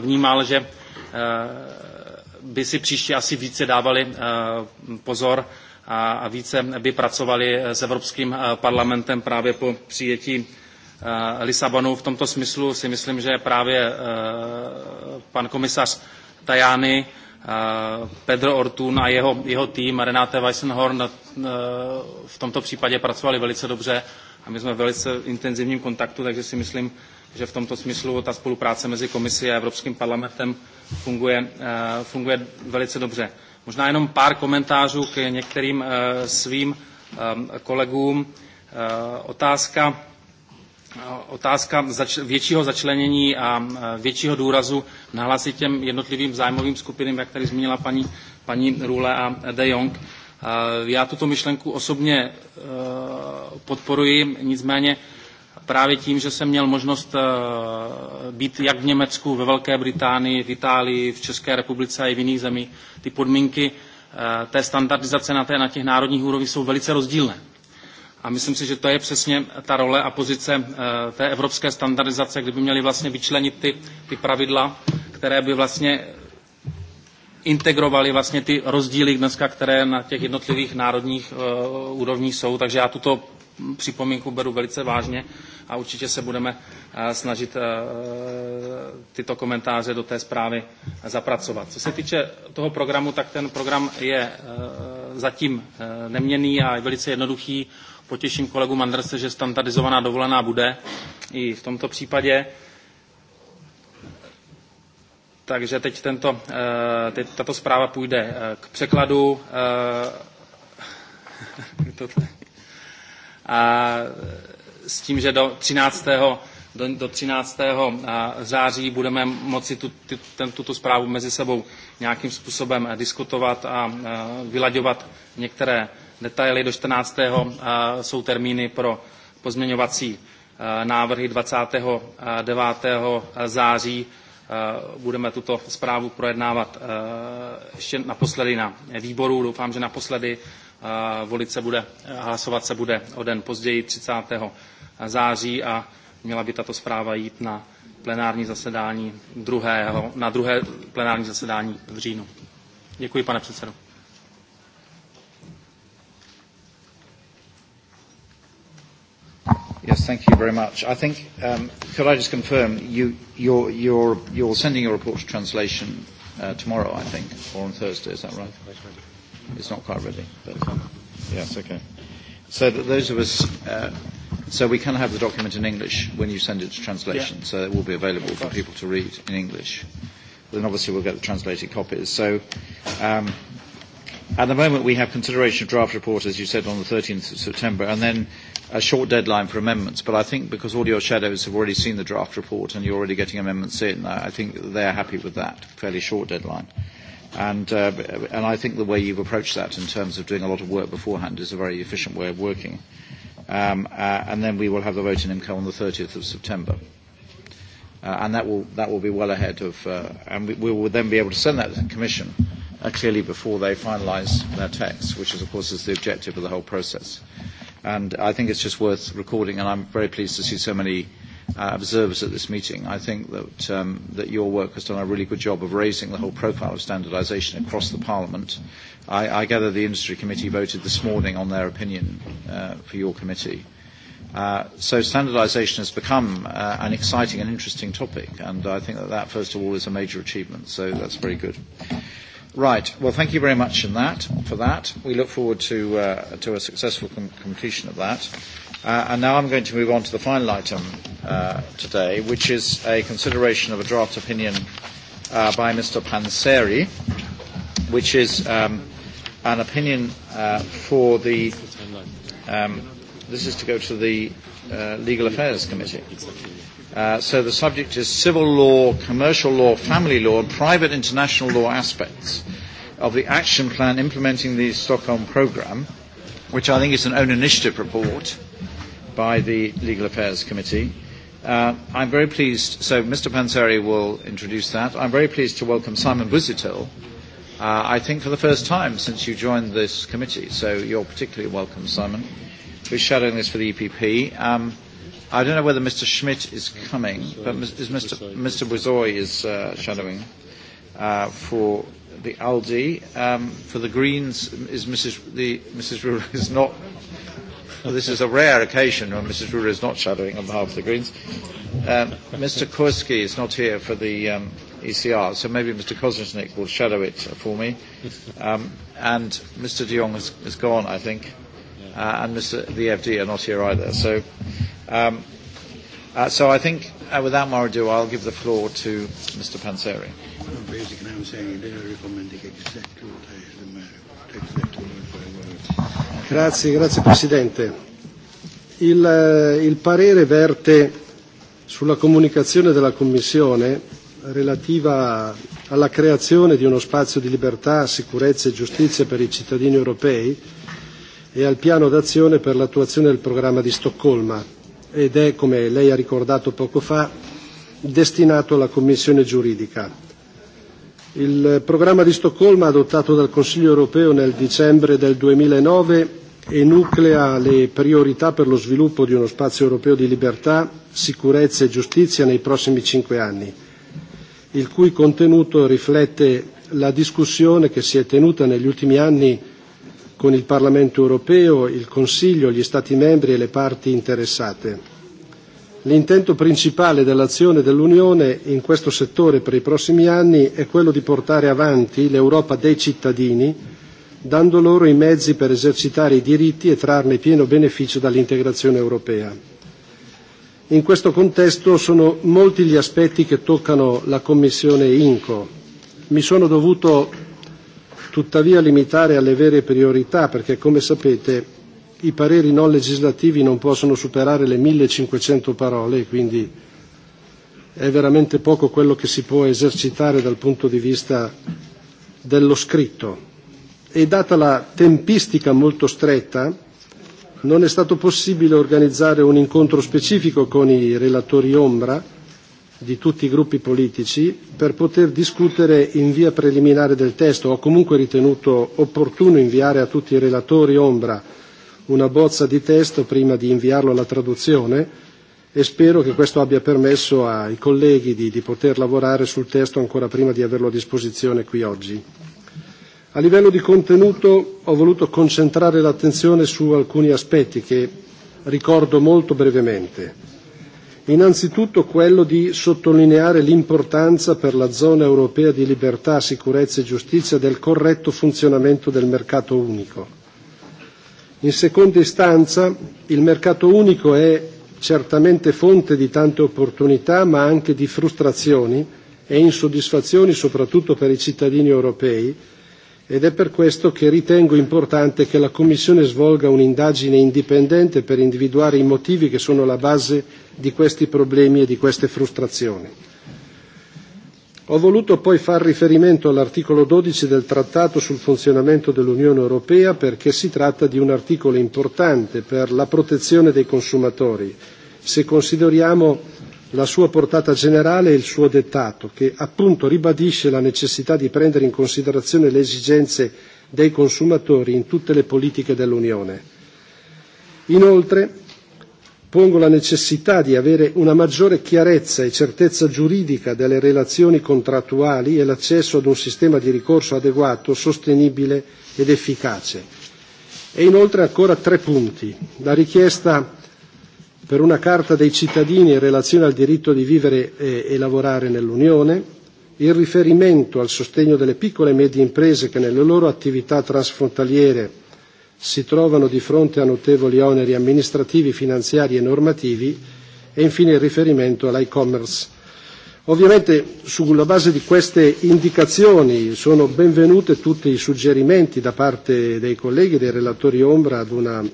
vnímal, že by si příště asi více dávali pozor a více by pracovali s Evropským parlamentem právě po přijetí Lisabonu. V tomto smyslu si myslím, že právě pan komisař Tajani Eh, Pedro Ortun a jeho, jeho tým Renate Weissenhorn eh, v tomto případě pracovali velice dobře a my jsme v velice intenzivním kontaktu, takže si myslím, že v tomto smyslu ta spolupráce mezi komisí a Evropským parlamentem funguje, eh, funguje velice dobře. Možná jenom pár komentářů k některým svým kolegům. Otázka otázka zač- většího začlenění a většího důrazu hlasy těm jednotlivým zájmovým skupinám, jak tady zmínila paní, paní Rule a De Jong. Já tuto myšlenku osobně e, podporuji, nicméně právě tím, že jsem měl možnost e, být jak v Německu, ve Velké Británii, v Itálii, v České republice a i v jiných zemích, ty podmínky e, té standardizace na, té, na těch národních úrovních jsou velice rozdílné. A myslím si, že to je přesně ta role a pozice eh, té evropské standardizace, kdyby měli vlastně vyčlenit ty, ty pravidla, které by vlastně integrovali vlastně ty rozdíly dneska, které na těch jednotlivých národních uh, úrovních jsou. Takže já tuto připomínku beru velice vážně a určitě se budeme uh, snažit uh, tyto komentáře do té zprávy zapracovat. Co se týče toho programu, tak ten program je zatím neměný a je velice jednoduchý potěším kolegu Mandrse, že standardizovaná dovolená bude i v tomto případě. Takže teď, tento, eh, teď tato zpráva půjde eh, k překladu. Eh, a s tím, že do 13. Do, do 13. září budeme moci tu, tu, ten, tuto zprávu mezi sebou nějakým způsobem diskutovat a vylaďovat některé detaily. Do 14. jsou termíny pro pozměňovací návrhy 29. září. Budeme tuto zprávu projednávat ještě naposledy na výboru. Doufám, že naposledy volit se bude, hlasovat se bude o den později 30. září a měla by tato zpráva jít na plenární zasedání druhého, na druhé plenární zasedání v říjnu. Děkuji, pane předsedo. Yes, thank you very much. I think, um, could I just confirm, you, you're, you're, you're sending your report to translation uh, tomorrow, I think, or on Thursday, is that right? It's not quite ready, but um, yes, okay. So that those of us, uh, so we can have the document in English when you send it to translation, yeah. so it will be available for people to read in English. Then obviously we'll get the translated copies. So um, at the moment we have consideration of draft report, as you said, on the 13th of September, and then a short deadline for amendments, but I think because all your shadows have already seen the draft report and you're already getting amendments in, I think they're happy with that fairly short deadline. And, uh, and I think the way you've approached that in terms of doing a lot of work beforehand is a very efficient way of working. Um, uh, and then we will have the vote in IMCO on the 30th of September. Uh, and that will, that will be well ahead of, uh, and we, we will then be able to send that to the Commission uh, clearly before they finalise their text, which is, of course, is the objective of the whole process. And I think it's just worth recording, and I'm very pleased to see so many uh, observers at this meeting. I think that, um, that your work has done a really good job of raising the whole profile of standardisation across the Parliament. I, I gather the Industry Committee voted this morning on their opinion uh, for your committee. Uh, so standardisation has become uh, an exciting and interesting topic, and I think that that, first of all, is a major achievement, so that's very good. Right. Well, thank you very much in that, for that. We look forward to, uh, to a successful com- completion of that. Uh, and now I'm going to move on to the final item uh, today, which is a consideration of a draft opinion uh, by Mr. Panseri, which is um, an opinion uh, for the. Um, this is to go to the uh, Legal Affairs Committee. Exactly. Uh, so the subject is civil law, commercial law, family law, and private international law aspects of the action plan implementing the Stockholm programme, which I think is an own initiative report by the Legal Affairs Committee. Uh, I'm very pleased, so Mr. Panseri will introduce that. I'm very pleased to welcome Simon Buzitil, uh, I think for the first time since you joined this committee, so you're particularly welcome, Simon, We're shadowing this for the EPP. Um, i don't know whether Mr. Schmidt is coming, but is Mr. Mr. Buzoy is uh, shadowing uh, for the ALDI. Um, for the Greens is Mrs. The, Mrs. Ruler is not. Well, this is a rare occasion when Mrs. Ruler is not shadowing on behalf of the Greens. Um, Mr. Kurski is not here for the um, ECR, so maybe Mr. Koznisnik will shadow it for me. Um, and Mr. De Jong is, is gone, I think, uh, and Mr. the FD are not here either. So Um, uh, so I think, uh, without more ado, I'll give the floor to Mr. Panseri. Grazie, grazie Presidente. Il, eh, il parere verte sulla comunicazione della Commissione relativa alla creazione di uno spazio di libertà, sicurezza e giustizia per i cittadini europei e al piano d'azione per l'attuazione del programma di Stoccolma ed è, come lei ha ricordato poco fa, destinato alla Commissione giuridica. Il programma di Stoccolma adottato dal Consiglio europeo nel dicembre del 2009 enuclea le priorità per lo sviluppo di uno spazio europeo di libertà, sicurezza e giustizia nei prossimi cinque anni, il cui contenuto riflette la discussione che si è tenuta negli ultimi anni con il Parlamento europeo, il Consiglio, gli Stati membri e le parti interessate. L'intento principale dell'azione dell'Unione in questo settore per i prossimi anni è quello di portare avanti l'Europa dei cittadini, dando loro i mezzi per esercitare i diritti e trarne pieno beneficio dall'integrazione europea. In questo contesto sono molti gli aspetti che toccano la Commissione INCO. Mi sono dovuto tuttavia limitare alle vere priorità perché, come sapete, i pareri non legislativi non possono superare le 1500 parole e quindi è veramente poco quello che si può esercitare dal punto di vista dello scritto. E data la tempistica molto stretta, non è stato possibile organizzare un incontro specifico con i relatori ombra, di tutti i gruppi politici per poter discutere in via preliminare del testo. Ho comunque ritenuto opportuno inviare a tutti i relatori ombra una bozza di testo prima di inviarlo alla traduzione e spero che questo abbia permesso ai colleghi di, di poter lavorare sul testo ancora prima di averlo a disposizione qui oggi. A livello di contenuto ho voluto concentrare l'attenzione su alcuni aspetti che ricordo molto brevemente innanzitutto quello di sottolineare l'importanza per la zona europea di libertà, sicurezza e giustizia del corretto funzionamento del mercato unico. In seconda istanza, il mercato unico è certamente fonte di tante opportunità, ma anche di frustrazioni e insoddisfazioni, soprattutto per i cittadini europei, ed è per questo che ritengo importante che la Commissione svolga un'indagine indipendente per individuare i motivi che sono alla base di questi problemi e di queste frustrazioni. Ho voluto poi far riferimento all'articolo 12 del Trattato sul funzionamento dell'Unione Europea perché si tratta di un articolo importante per la protezione dei consumatori, se consideriamo la sua portata generale e il suo dettato, che appunto ribadisce la necessità di prendere in considerazione le esigenze dei consumatori in tutte le politiche dell'Unione. Inoltre, pongo la necessità di avere una maggiore chiarezza e certezza giuridica delle relazioni contrattuali e l'accesso ad un sistema di ricorso adeguato, sostenibile ed efficace. E inoltre ancora tre punti. La richiesta per una carta dei cittadini in relazione al diritto di vivere e, e lavorare nell'Unione, il riferimento al sostegno delle piccole e medie imprese che nelle loro attività transfrontaliere si trovano di fronte a notevoli oneri amministrativi, finanziari e normativi e infine il riferimento all'e-commerce. Ovviamente sulla base di queste indicazioni sono benvenute tutti i suggerimenti da parte dei colleghi e dei relatori ombra ad una eh,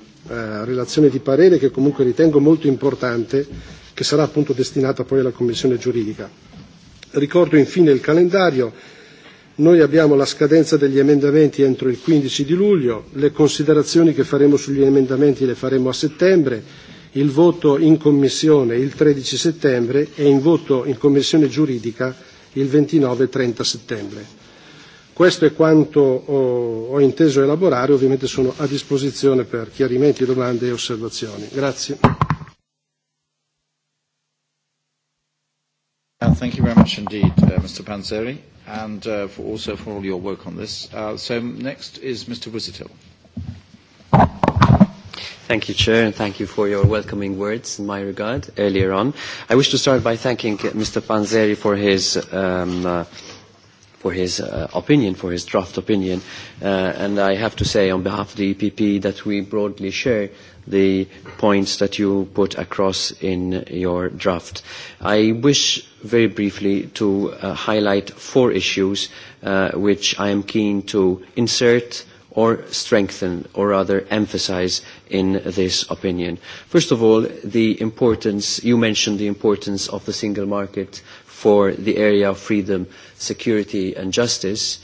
relazione di parere che comunque ritengo molto importante, che sarà appunto destinata poi alla Commissione giuridica. Ricordo infine il calendario Noi abbiamo la scadenza degli emendamenti entro il 15 di luglio, le considerazioni che faremo sugli emendamenti le faremo a settembre, il voto in commissione il 13 settembre e il voto in commissione giuridica il 29 e 30 settembre. Questo è quanto ho, oh, ho inteso elaborare, ovviamente sono a disposizione per chiarimenti, domande e osservazioni. Grazie. thank you very much indeed, uh, Mr. Panzeri, and uh, for also for all your work on this. Uh, so next is Mr. Wisitil. Thank you, Chair, and thank you for your welcoming words in my regard earlier on. I wish to start by thanking Mr. Panzeri for his um, uh, for his uh, opinion, for his draft opinion, uh, and I have to say on behalf of the EPP that we broadly share the points that you put across in your draft. I wish very briefly to uh, highlight four issues uh, which I am keen to insert or strengthen or rather emphasise in this opinion. First of all, the importance, you mentioned the importance of the single market for the area of freedom, security and justice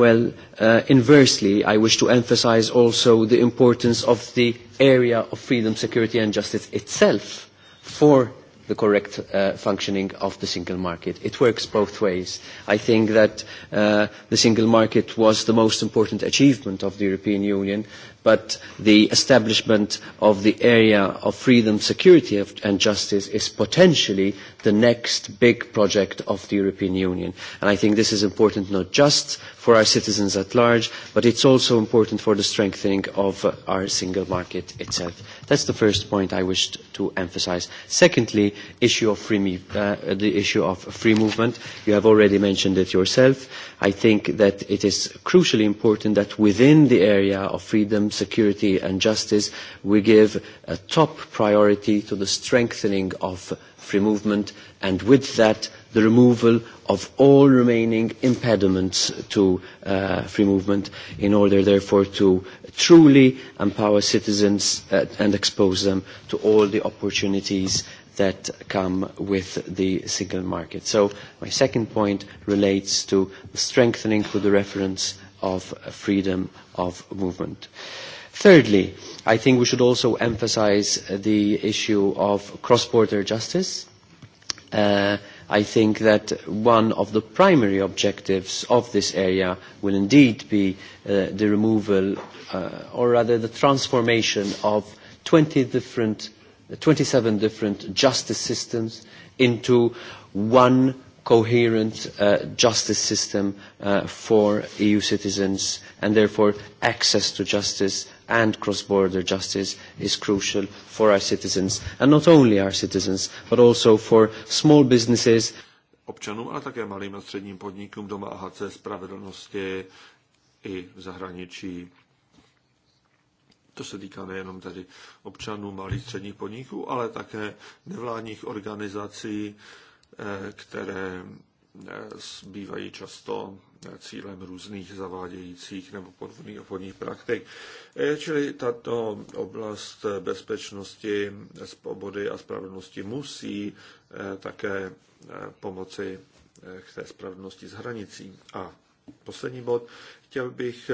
Well, uh, inversely, I wish to emphasize also the importance of the area of freedom, security and justice itself for the correct uh, functioning of the single market. It works both ways. I think that uh, the single market was the most important achievement of the European Union but the establishment of the area of freedom, security and justice is potentially the next big project of the European Union. And I think this is important not just for our citizens at large, but it's also important for the strengthening of uh, our single market itself. That's the first point I wished to emphasize. Secondly, issue of free, uh, the issue of free movement. You have already mentioned it yourself i think that it is crucially important that within the area of freedom, security and justice, we give a top priority to the strengthening of free movement and with that the removal of all remaining impediments to uh, free movement in order therefore to truly empower citizens uh, and expose them to all the opportunities that come with the single market. So my second point relates to the strengthening for the reference of freedom of movement. Thirdly, I think we should also emphasize the issue of cross-border justice. Uh, I think that one of the primary objectives of this area will indeed be uh, the removal, uh, or rather the transformation of 20 different 27 different justice systems into one coherent uh, justice system uh, for EU citizens and therefore access to justice and cross-border justice is crucial for our citizens and not only our citizens but also for small businesses. Občanům, ale také malým a středním podnikům domáhat se spravedlnosti i v zahraničí. To se týká nejenom tedy občanů malých středních podniků, ale také nevládních organizací, eh, které eh, bývají často eh, cílem různých zavádějících nebo podvodných obchodních praktik. Čili tato oblast bezpečnosti, svobody a spravedlnosti musí také pomoci k té spravedlnosti s hranicí. A poslední bod. Chtěl bych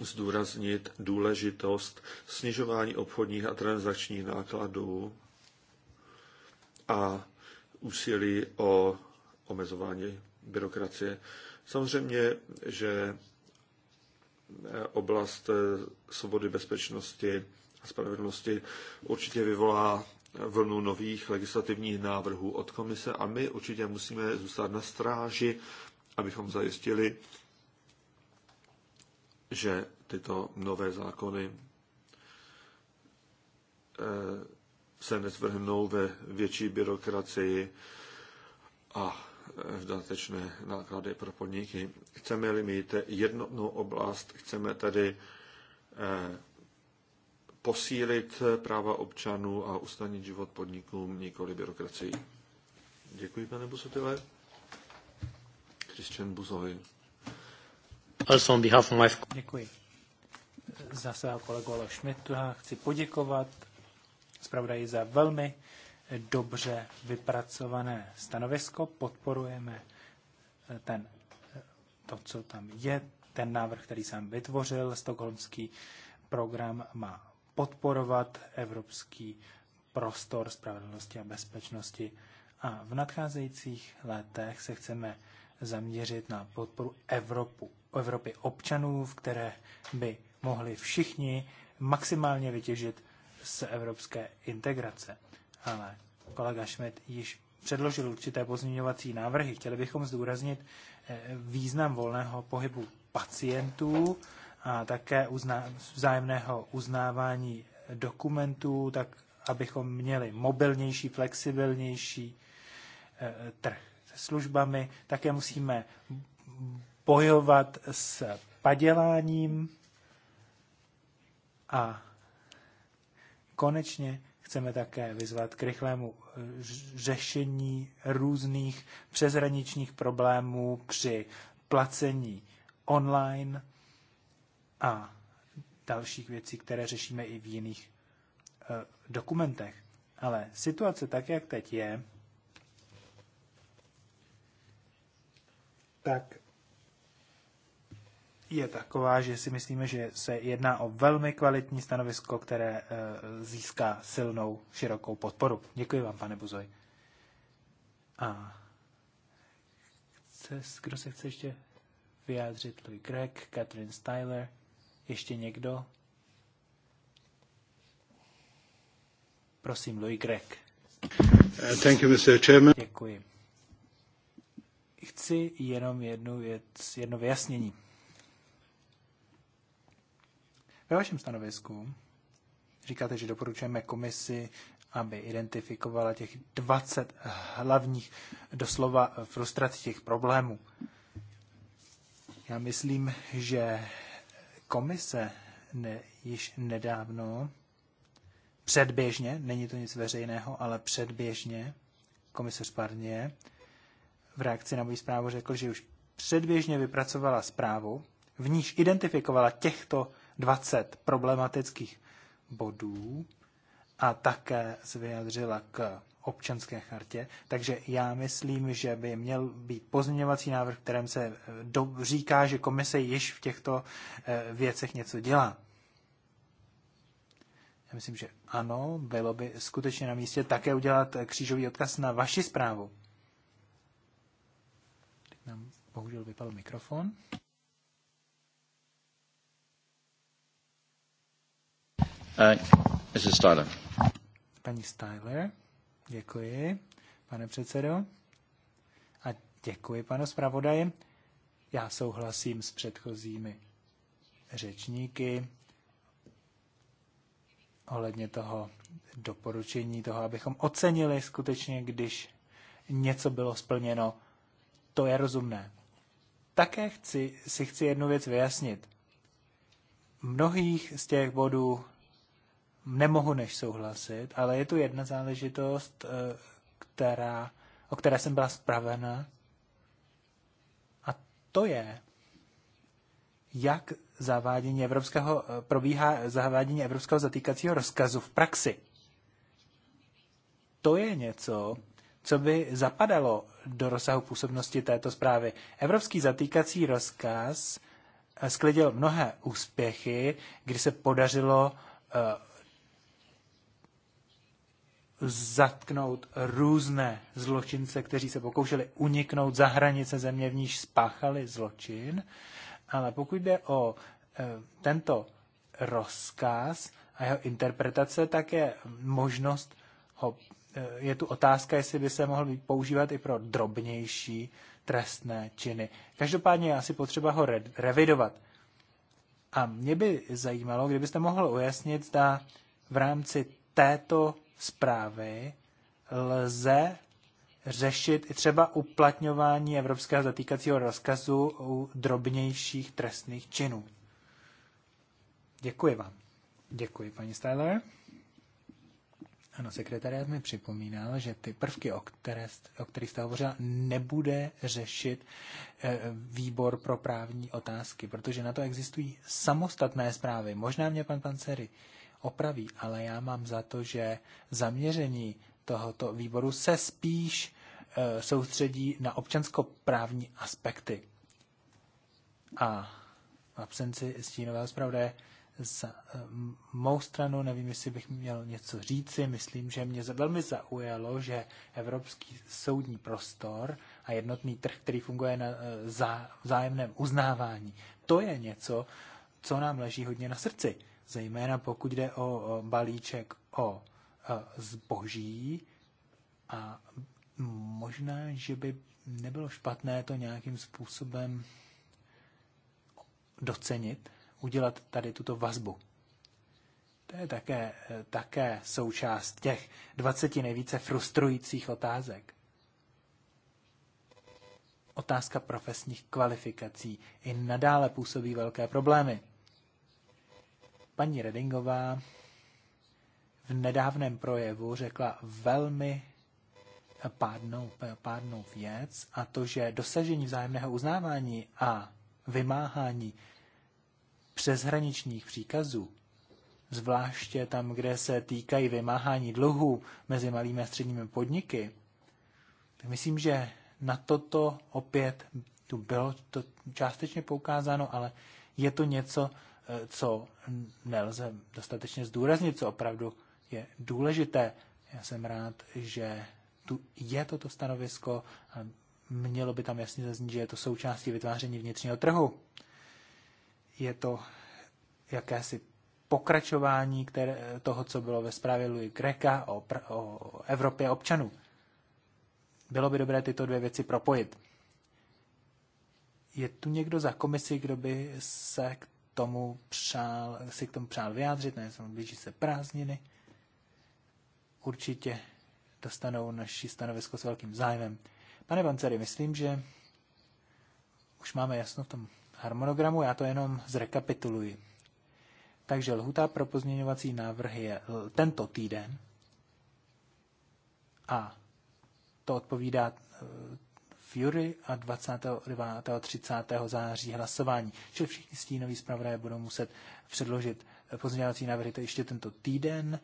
zdůraznit důležitost snižování obchodních a transakčních nákladů a úsilí o omezování byrokracie. Samozřejmě, že eh, oblast eh, svobody, bezpečnosti a spravedlnosti určitě vyvolá vlnu nových legislativních návrhů od komise a my určitě musíme zůstat na stráži, abychom zajistili, že tyto nové zákony eh, se nezvrhnou ve větší byrokracii a eh, dodatečné náklady pro podniky. Chceme-li mít jednotnou oblast, chceme tedy eh, posílit práva občanů a usnadnit život podnikům, nikoli byrokracii. Děkuji, pane Busotile. Christian Buzovi. Also on behalf of my... Děkuji. Za svého kolegu chci poděkovat zpravodaji za velmi dobře vypracované stanovisko. Podporujeme eh, ten, eh, to, co tam je, ten návrh, který jsem vytvořil. Stokholmský program má podporovat evropský prostor spravedlnosti a bezpečnosti. A v nadcházejících letech se chceme zaměřit na podporu Evropu o Evropě občanů, v které by mohli všichni maximálně vytěžit z evropské integrace. Ale kolega Schmidt již předložil určité pozměňovací návrhy. Chtěli bychom zdůraznit eh, význam volného pohybu pacientů a také uzná, vzájemného uznávání dokumentů, tak abychom měli mobilnější, flexibilnější eh, trh se službami. Také musíme bojovat s paděláním a konečně chceme také vyzvat k rychlému eh, řešení různých přezraničních problémů při placení online a dalších věcí, které řešíme i v jiných e, dokumentech. Ale situace tak, jak teď je, tak je taková, že si myslíme, že se jedná o velmi kvalitní stanovisko, které eh, získá silnou, širokou podporu. Děkuji vám, pane Buzoj. A chce, kdo se chce ještě vyjádřit? Louis Greg, Catherine Styler, ještě někdo? Prosím, Louis Greg. Uh, eh, thank you, Mr. Chairman. Děkuji. Chci jenom jednu věc, jedno vyjasnění. Ve vašem stanovisku říkáte, že doporučujeme komisi, aby identifikovala těch 20 hlavních doslova frustrací těch problémů. Já myslím, že komise ne, již nedávno předběžně, není to nic veřejného, ale předběžně, komisař Parně v reakci na moji zprávu řekl, že už předběžně vypracovala zprávu, v níž identifikovala těchto 20 problematických bodů a také se vyjadřila k občanské chartě. Takže já myslím, že by měl být pozměňovací návrh, kterém se eh, do, říká, že komise již v těchto eh, věcech něco dělá. Já myslím, že ano, bylo by skutečně na místě také udělat eh, křížový odkaz na vaši zprávu. Teď nám bohužel vypadl mikrofon. Uh, Mrs. Styler. Paní Styler, děkuji, pane předsedo. A děkuji, panu zpravodaji. Já souhlasím s předchozími řečníky ohledně toho doporučení, toho, abychom ocenili skutečně, když něco bylo splněno. To je rozumné. Také chci, si chci jednu věc vyjasnit. Mnohých z těch bodů nemohu než souhlasit, ale je tu jedna záležitost, eh, která, o které jsem byla spravena. A to je, jak zavádění evropského, eh, probíhá zavádění evropského zatýkacího rozkazu v praxi. To je něco, co by zapadalo do rozsahu působnosti této zprávy. Evropský zatýkací rozkaz eh, sklidil mnohé úspěchy, kdy se podařilo zatknout různé zločince, kteří se pokoušeli uniknout za hranice země, v níž spáchali zločin. Ale pokud jde o e, tento rozkaz a jeho interpretace, tak je možnost ho, e, je tu otázka, jestli by se mohl být používat i pro drobnější trestné činy. Každopádně je asi potřeba ho re- revidovat. A mě by zajímalo, kdybyste mohl ujasnit, zda v rámci této zprávy lze řešit i třeba uplatňování evropského zatýkacího rozkazu u drobnějších trestných činů. Děkuji vám. Děkuji, paní Styler. Ano, sekretariat mi připomínal, že ty prvky, o, které, o kterých jste hovořila, nebude řešit eh, výbor pro právní otázky, protože na to existují samostatné zprávy. Možná mě pan Panceri opraví, ale já mám za to, že zaměření tohoto výboru se spíš eh, soustředí na občanskoprávní aspekty. A v absenci stínového zpravodaje z eh, mou stranu, nevím, jestli bych měl něco říci, myslím, že mě velmi zaujalo, že evropský soudní prostor a jednotný trh, který funguje na eh, vzájemném uznávání, to je něco, co nám leží hodně na srdci zejména pokud jde o balíček o e, zboží a možná, že by nebylo špatné to nějakým způsobem docenit, udělat tady tuto vazbu. To je také, e, také součást těch 20 nejvíce frustrujících otázek. Otázka profesních kvalifikací i nadále působí velké problémy. Paní Redingová v nedávném projevu řekla velmi pádnou, pádnou věc a to, že dosažení vzájemného uznávání a vymáhání přeshraničních příkazů, zvláště tam, kde se týkají vymáhání dluhů mezi malými a středními podniky, tak myslím, že na toto opět tu bylo to částečně poukázáno, ale je to něco, co nelze dostatečně zdůraznit, co opravdu je důležité. Já jsem rád, že tu je toto stanovisko a mělo by tam jasně zaznít, že je to součástí vytváření vnitřního trhu. Je to jakési pokračování které, toho, co bylo ve zprávě Louis Greka o, o Evropě občanů. Bylo by dobré tyto dvě věci propojit. Je tu někdo za komisi, kdo by se k tomu přál, si k tomu přál vyjádřit, ne, blíží se prázdniny. Určitě dostanou naši stanovisko s velkým zájmem. Pane Bancery, myslím, že už máme jasno v tom harmonogramu, já to jenom zrekapituluji. Takže lhuta pro pozměňovací návrhy je tento týden a to odpovídá Fury a 29. a 30. září hlasování. Čili všichni stínoví zpravodaje budou muset předložit eh, pozměňovací návrhy to ještě tento týden.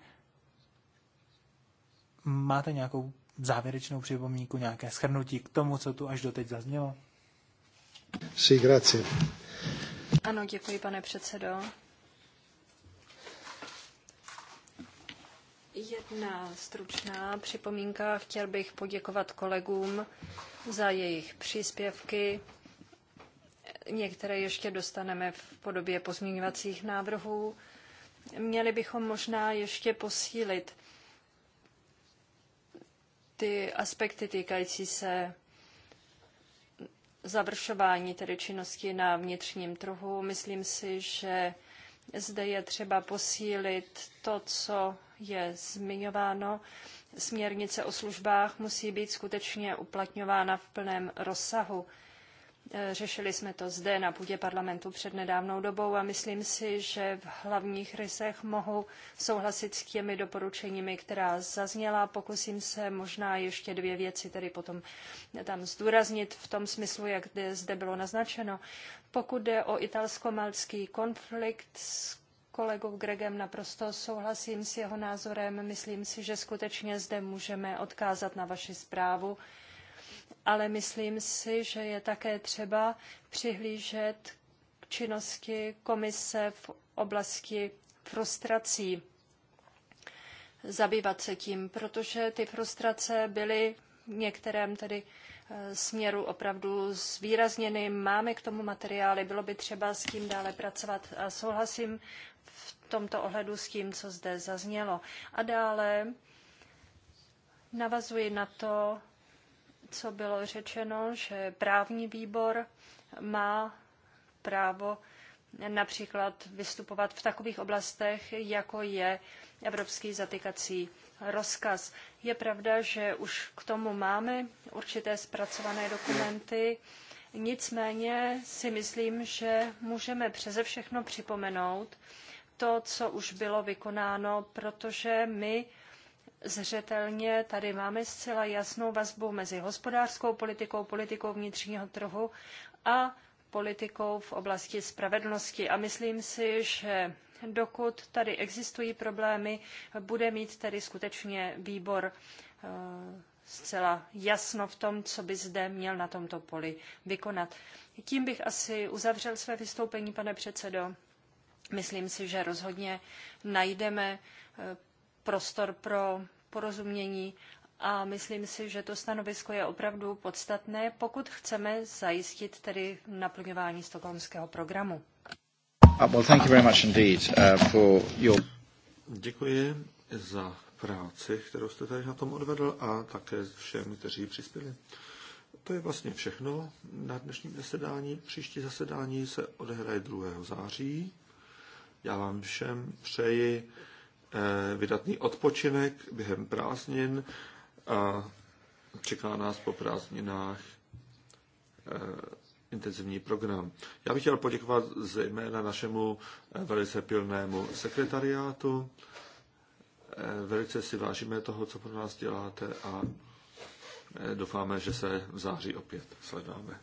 Máte nějakou závěrečnou připomínku, nějaké schrnutí k tomu, co tu až doteď zaznělo? Sí, grazie. Ano, děkuji, pane předsedo. Jedna stručná připomínka. Chtěl bych poděkovat kolegům za jejich příspěvky. Některé ještě dostaneme v podobě pozměňovacích návrhů. Měli bychom možná ještě posílit ty aspekty týkající se završování tedy činnosti na vnitřním trhu. Myslím si, že zde je třeba posílit to, co je zmiňováno, směrnice o službách musí být skutečně uplatňována v plném rozsahu. E, řešili jsme to zde na půdě parlamentu před nedávnou dobou a myslím si, že v hlavních rysech mohu souhlasit s těmi doporučeními, která zazněla. Pokusím se možná ještě dvě věci tedy potom tam zdůraznit v tom smyslu, jak zde bylo naznačeno. Pokud jde o italsko-malský konflikt, kolegou Gregem naprosto souhlasím s jeho názorem. Myslím si, že skutečně zde můžeme odkázat na vaši zprávu, ale myslím si, že je také třeba přihlížet k činnosti komise v oblasti frustrací. Zabývat se tím, protože ty frustrace byly v některém tedy směru opravdu zvýrazněny. Máme k tomu materiály, bylo by třeba s tím dále pracovat. A souhlasím v tomto ohledu s tím, co zde zaznělo. A dále navazuji na to, co bylo řečeno, že právní výbor má právo například vystupovat v takových oblastech, jako je evropský zatykací rozkaz. Je pravda, že už k tomu máme určité zpracované dokumenty, nicméně si myslím, že můžeme přeze všechno připomenout to, co už bylo vykonáno, protože my zřetelně tady máme zcela jasnou vazbu mezi hospodářskou politikou, politikou vnitřního trhu a politikou v oblasti spravedlnosti. A myslím si, že dokud tady existují problémy, bude mít tedy skutečně výbor eh, zcela jasno v tom, co by zde měl na tomto poli vykonat. Tím bych asi uzavřel své vystoupení, pane předsedo. Myslím si, že rozhodně najdeme eh, prostor pro porozumění a myslím si, že to stanovisko je opravdu podstatné, pokud chceme zajistit tedy naplňování stokholmského programu. Děkuji za práci, kterou jste tady na tom odvedl a také všem, kteří přispěli. To je vlastně všechno na dnešním zasedání. Příští zasedání se odehraje 2. září. Já vám všem přeji eh, vydatný odpočinek během prázdnin a čeká nás po prázdninách eh, intenzivní program. Já bych chtěl poděkovat zejména našemu eh, velice pilnému sekretariátu. Eh, velice si vážíme toho, co pro nás děláte a eh, doufáme, že se v září opět sledáme.